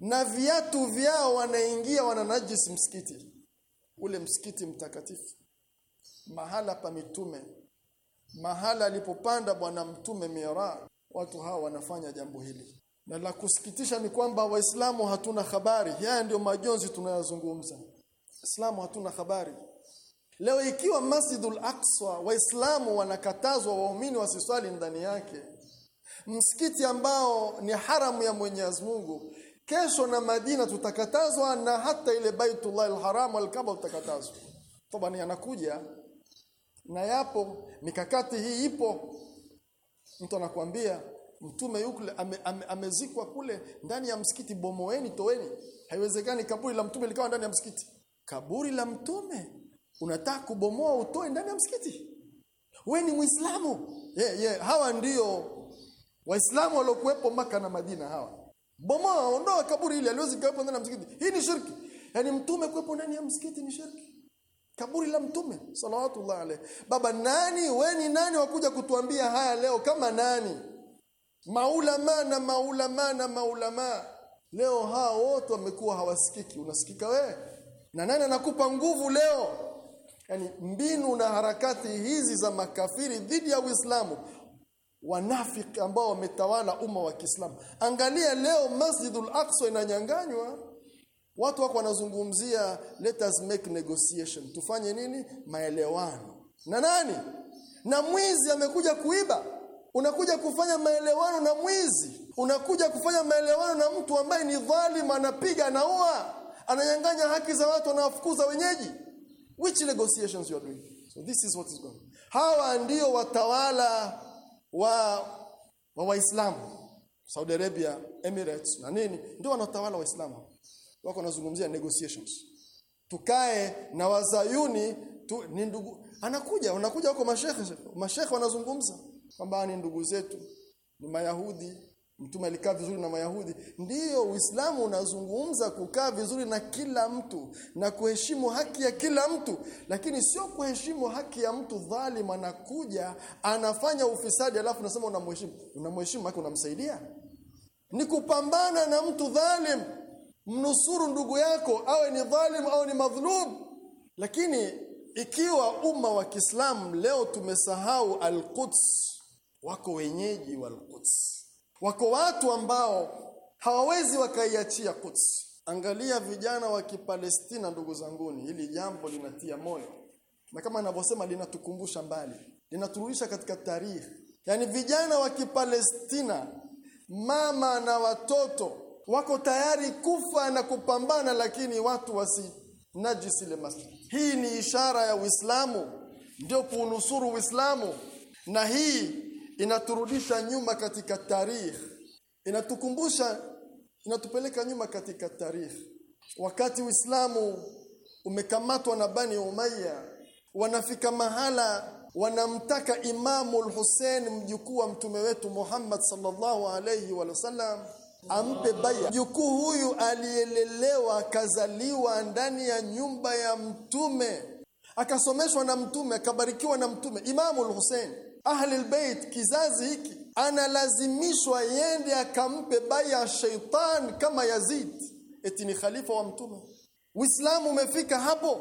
na viatu vyao wanaingia wananajisi msikiti ule msikiti mtakatifu, mahala pa mitume, mahala alipopanda bwana mtume Miraj. Watu hawa wanafanya jambo hili, na la kusikitisha ni kwamba Waislamu hatuna habari. Haya ndio majonzi tunayozungumza. Islamu hatuna habari. Leo ikiwa Masjidul Aqsa Waislamu wanakatazwa waumini wasiswali ndani yake. Msikiti ambao ni haramu ya Mwenyezi Mungu, kesho na Madina tutakatazwa na hata ile Baitullah al-Haram al-Kaaba tutakatazwa. Tobani anakuja na yapo mikakati hii ipo. Mtu anakuambia mtume yule ame, ame, amezikwa kule ndani ya msikiti bomoeni toweni. Haiwezekani kaburi la mtume likawa ndani ya msikiti kaburi la mtume unataka kubomoa utoe ndani ya msikiti we ni muislamu ye, yeah, yeah. hawa ndio waislamu waliokuwepo maka na madina hawa bomoa ondoa kaburi ile aliwezi kuwepo ndani ya msikiti hii ni shirki yani mtume kuepo ndani ya msikiti ni shirki kaburi la mtume salawatullah alayhi baba nani we ni nani wakuja kutuambia haya leo kama nani maulama na maulama na maulama leo hao wote wamekuwa hawasikiki unasikika wewe na nani anakupa nguvu leo yani mbinu na harakati hizi za makafiri dhidi ya Uislamu wanafiki ambao wametawala umma wa Kiislamu angalia leo Masjidul Aqsa inanyanganywa watu wako wanazungumzia let us make negotiation tufanye nini maelewano na nani na mwizi amekuja kuiba unakuja kufanya maelewano na mwizi unakuja kufanya maelewano na mtu ambaye ni dhalima anapiga anaua ananyang'anya haki za watu anawafukuza wenyeji which negotiations you are doing so this is what is going hawa ndio watawala wa wa waislamu Saudi Arabia Emirates na nini ndio wanatawala waislamu wako wanazungumzia negotiations tukae na wazayuni tu, ni ndugu anakuja wanakuja huko mashekhe mashekhe wanazungumza kwamba ni ndugu zetu ni mayahudi Mtume alikaa vizuri na Wayahudi. Ndiyo Uislamu unazungumza kukaa vizuri na kila mtu na kuheshimu haki ya kila mtu, lakini sio kuheshimu haki ya mtu dhalimu anakuja anafanya ufisadi alafu unasema unamheshimu. Unamheshimu ake unamsaidia? Ni kupambana na mtu dhalim Mnusuru ndugu yako awe ni dhalimu au ni madhlum. Lakini ikiwa umma wa Kiislamu leo tumesahau Al-Quds, wako wenyeji wa Al-Quds Wako watu ambao hawawezi wakaiachia Quds. Angalia vijana wa Kipalestina ndugu zanguni, hili jambo linatia moyo. Na kama anavyosema linatukumbusha mbali, linaturudisha katika tarehe. Yaani vijana wa Kipalestina mama na watoto wako tayari kufa na kupambana lakini watu wasi najisi ile masjid. Hii ni ishara ya Uislamu ndio kuunusuru Uislamu na hii inaturudisha nyuma katika tarikh inatukumbusha inatupeleka nyuma katika tarikh wakati Uislamu umekamatwa na Bani Umayya wanafika mahala wanamtaka Imamu al-Hussein mjukuu wa mtume wetu Muhammad sallallahu alayhi wa sallam ampe baya. Mjukuu huyu aliyelelewa akazaliwa ndani ya nyumba ya mtume akasomeshwa na mtume akabarikiwa na mtume Imamu al-Hussein ahli albayt kizazi hiki analazimishwa yende akampe baya sheitan kama Yazid eti ni khalifa wa mtume Uislamu umefika hapo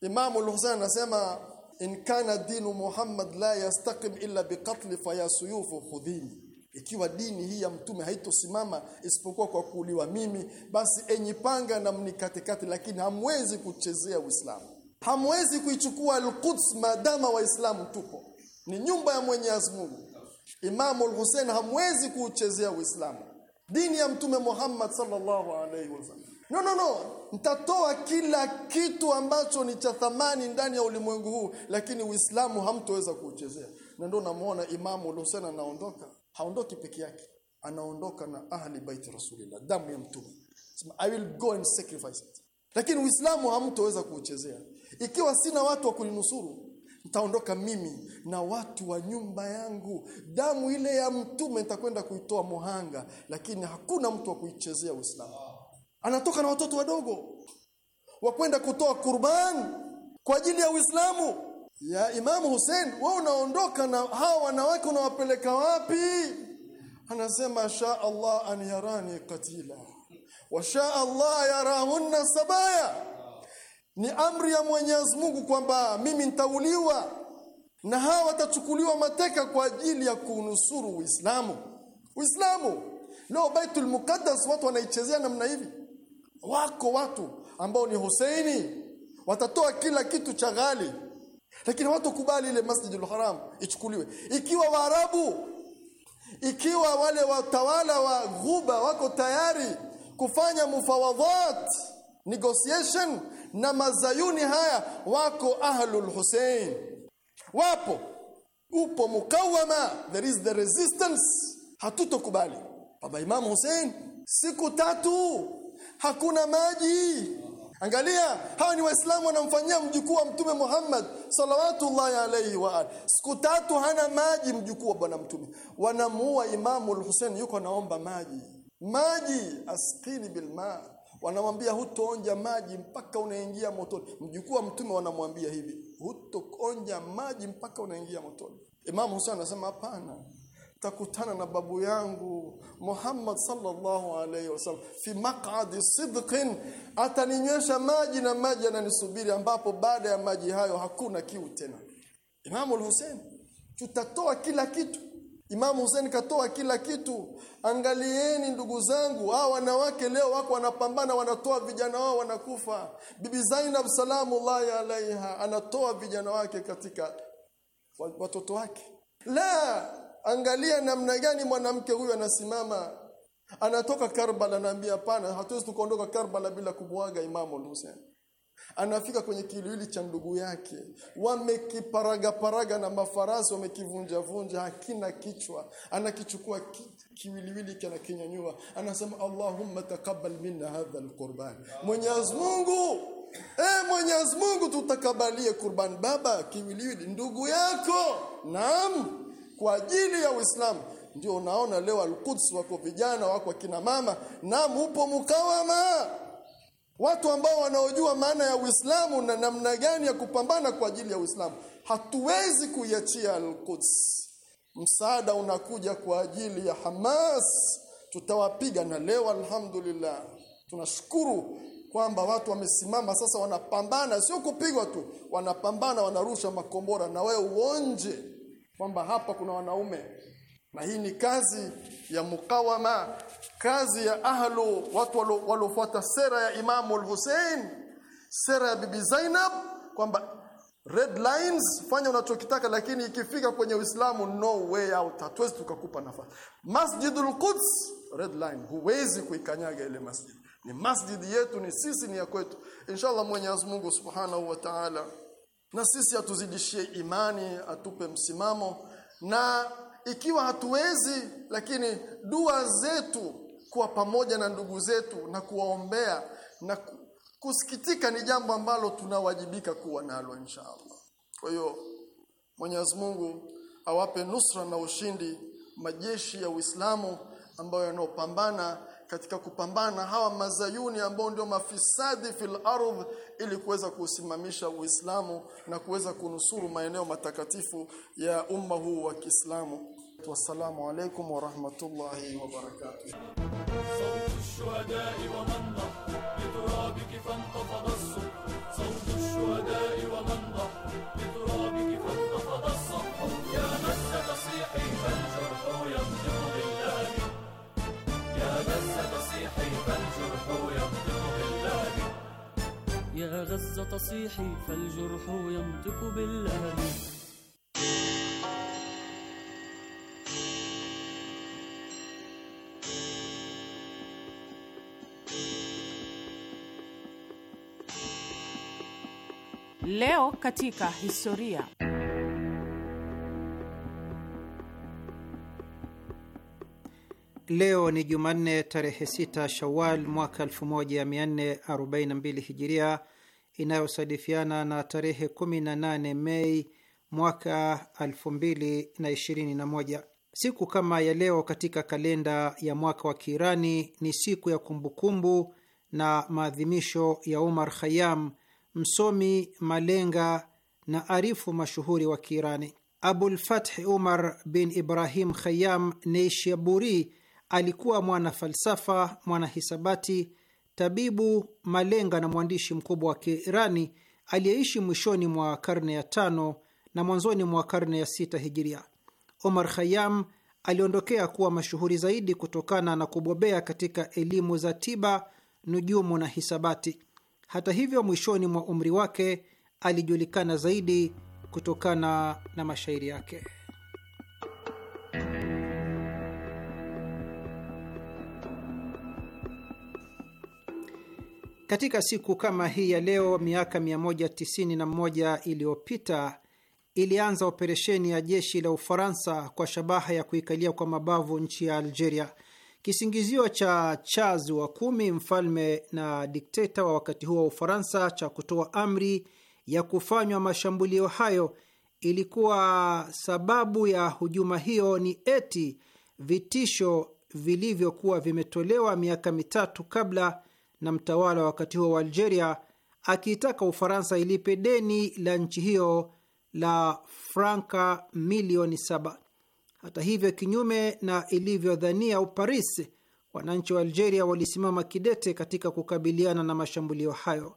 Imam al-Husayn anasema in kana dinu Muhammad la yastaqim illa biqatl fa ya suyufu khudhini ikiwa dini hii ya mtume haitosimama isipokuwa kwa kuuliwa mimi basi enyi panga na mnikatekate lakini hamwezi kuchezea Uislamu hamwezi kuichukua al-Quds maadama waislamu tupo ni nyumba ya Mwenyezi Mungu. Imamul Hussein hamwezi kuuchezea Uislamu, dini ya Mtume Muhammad sallallahu alaihi wasallam. No, no, no, mtatoa kila kitu ambacho ni cha thamani ndani ya ulimwengu huu, lakini Uislamu hamtoweza kuuchezea. Na ndio namuona Imamul Hussein anaondoka, haondoki peke yake, anaondoka na ahli baiti Rasulillah, damu ya Mtume. I will go and sacrifice it. Lakini Uislamu hamtoweza kuuchezea ikiwa sina watu wa kulinusuru ntaondoka mimi na watu wa nyumba yangu damu ile ya mtume nitakwenda kuitoa mohanga lakini hakuna mtu wa kuichezea uislamu anatoka na watoto wadogo wa kwenda kutoa kurban kwa ajili ya uislamu ya imamu Hussein wewe unaondoka na hawa wanawake unawapeleka wapi anasema sha Allah an yarani katila wa sha Allah yarahunna sabaya ni amri ya Mwenyezi Mungu kwamba mimi nitauliwa na hawa watachukuliwa mateka kwa ajili ya kunusuru Uislamu. Uislamu leo Baitul Muqaddas watu wanaichezea namna hivi. Wako watu ambao ni Huseini watatoa kila kitu cha ghali, lakini watu kubali ile Masjidul Haram ichukuliwe. Ikiwa Waarabu, ikiwa wale watawala wa Ghuba wako tayari kufanya mufawadhat negotiation na mazayuni haya wako ahlul Hussein, wapo upo mukawama, there is the resistance. Hatutokubali baba Imamu Hussein, siku tatu hakuna maji. Angalia, hawa ni Waislamu wanamfanyia mjukuu wa Mtume Muhammad salawatullahi alayhi wa ali, siku tatu hana maji, mjukuu wa Bwana Mtume. Wanamuua Imamu lhusein yuko naomba maji, maji, asqini bilma wanamwambia hutoonja maji mpaka unaingia motoni. Mjukuu wa mtume wanamwambia hivi, hutoonja maji mpaka unaingia motoni. Imam Hussein anasema hapana, takutana na babu yangu Muhammad sallallahu alaihi wasallam fi maq'adi sidqin, ataninywesha maji na maji ananisubiri, ambapo baada ya maji hayo hakuna kiu tena. Imam hussein tutatoa kila kitu Imamu Hussein katoa kila kitu. Angalieni ndugu zangu, hawa wanawake leo wako wanapambana, wanatoa vijana wao wanakufa. Bibi Zainab salamullahi alaiha anatoa vijana wake katika watoto wake. La, angalia namna gani mwanamke huyu anasimama anatoka Karbala, anaambia hapana, hatuwezi tukaondoka Karbala bila kumwaga Imam Hussein anafika kwenye kiliwili cha ndugu yake wamekiparaga paraga na mafarasi wamekivunja vunja hakina kichwa anakichukua ki, kiwiliwili kinakinyanyua anasema Allahumma taqabbal minna hadha alqurban Mwenyezi Mungu eh Mwenyezi Mungu tutakabalie kurban baba kiwiliwili ndugu yako naam kwa ajili ya Uislamu ndio unaona leo alquds wako vijana wako kina mama upo mukawama watu ambao wanaojua maana ya Uislamu na namna gani ya kupambana kwa ajili ya Uislamu. Hatuwezi kuiachia Al-Quds. Msaada unakuja kwa ajili ya Hamas, tutawapiga na leo. Alhamdulillah, tunashukuru kwamba watu wamesimama sasa, wanapambana, sio kupigwa tu, wanapambana, wanarusha makombora, na wewe uonje kwamba hapa kuna wanaume, na hii ni kazi ya mukawama kazi ya ahlu watu walofuata sera ya Imamu al-Hussein sera ya Bibi Zainab kwamba red lines fanya unachokitaka lakini ikifika kwenye Uislamu no way out hatuwezi tukakupa nafasi Masjidul Quds red line huwezi kuikanyaga ile masjid ni masjid yetu ni sisi ni ya kwetu inshallah Mwenyezi Mungu Subhanahu wa Ta'ala na sisi atuzidishie imani atupe msimamo na ikiwa hatuwezi lakini dua zetu kuwa pamoja na ndugu zetu na kuwaombea na kusikitika ni jambo ambalo tunawajibika kuwa nalo insha Allah kwa hiyo Mwenyezi Mungu awape nusra na ushindi majeshi ya Uislamu ambayo yanopambana katika kupambana hawa mazayuni ambao ndio mafisadi fil ardh ili kuweza kusimamisha Uislamu na kuweza kunusuru maeneo matakatifu ya umma huu wa Kiislamu والسلام عليكم ورحمة الله وبركاته صوت الشهداء ومن ضح لترابك فانتفض الصف صوت الشهداء ومن لترابك فانتفض الصف يا مسة تصيحي فالجرح ينطق بالله يا مسة تصيحي فالجرح ينطق بالله يا غزة تصيحي فالجرح ينطق بالله Leo katika historia. Leo ni Jumanne tarehe 6 Shawal mwaka 1442 Hijiria, inayosadifiana na tarehe 18 Mei mwaka 2021. Siku kama ya leo katika kalenda ya mwaka wa Kiirani ni siku ya kumbukumbu na maadhimisho ya umar Khayam msomi malenga na arifu mashuhuri wa Kiirani. Abulfathi Umar bin Ibrahim Khayam Neishiaburi alikuwa mwana falsafa, mwana hisabati, tabibu, malenga na mwandishi mkubwa wa Kiirani aliyeishi mwishoni mwa karne ya tano na mwanzoni mwa karne ya sita hijiria. Omar Khayam aliondokea kuwa mashuhuri zaidi kutokana na kubobea katika elimu za tiba, nujumu na hisabati. Hata hivyo, mwishoni mwa umri wake alijulikana zaidi kutokana na mashairi yake. Katika siku kama hii ya leo miaka 191 iliyopita ilianza operesheni ya jeshi la Ufaransa kwa shabaha ya kuikalia kwa mabavu nchi ya Algeria. Kisingizio cha Charles wa kumi, mfalme na dikteta wa wakati huo wa Ufaransa, cha kutoa amri ya kufanywa mashambulio hayo ilikuwa sababu ya hujuma hiyo ni eti vitisho vilivyokuwa vimetolewa miaka mitatu kabla na mtawala wa wakati huo wa Algeria akiitaka Ufaransa ilipe deni la nchi hiyo la franka milioni saba. Hata hivyo, kinyume na ilivyodhania Uparis, wananchi wa Algeria walisimama kidete katika kukabiliana na mashambulio hayo.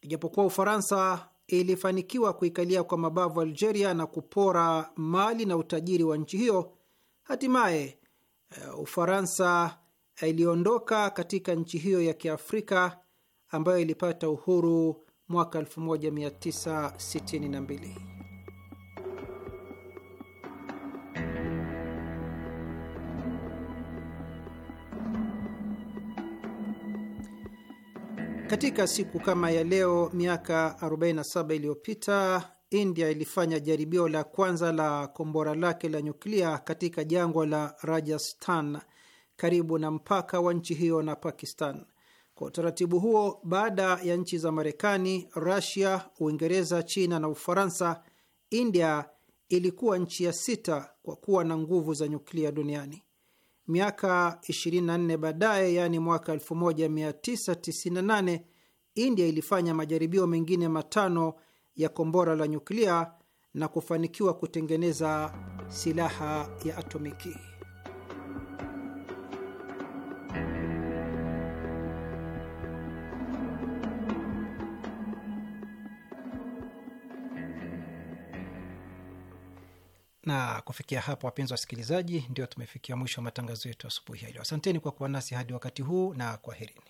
Ijapokuwa Ufaransa ilifanikiwa kuikalia kwa mabavu Algeria na kupora mali na utajiri wa nchi hiyo, hatimaye eh, Ufaransa iliondoka katika nchi hiyo ya Kiafrika ambayo ilipata uhuru mwaka 1962. Katika siku kama ya leo miaka 47 iliyopita India ilifanya jaribio la kwanza la kombora lake la nyuklia katika jangwa la Rajasthan karibu na mpaka wa nchi hiyo na Pakistan. Kwa utaratibu huo, baada ya nchi za Marekani, Rusia, Uingereza, China na Ufaransa, India ilikuwa nchi ya sita kwa kuwa na nguvu za nyuklia duniani. Miaka 24 baadaye, yaani mwaka 1998, India ilifanya majaribio mengine matano ya kombora la nyuklia na kufanikiwa kutengeneza silaha ya atomiki. Na kufikia hapa, wapenzi wasikilizaji, ndio tumefikia mwisho wa matangazo yetu asubuhi ya leo. Asanteni kwa kuwa nasi hadi wakati huu na kwaherini.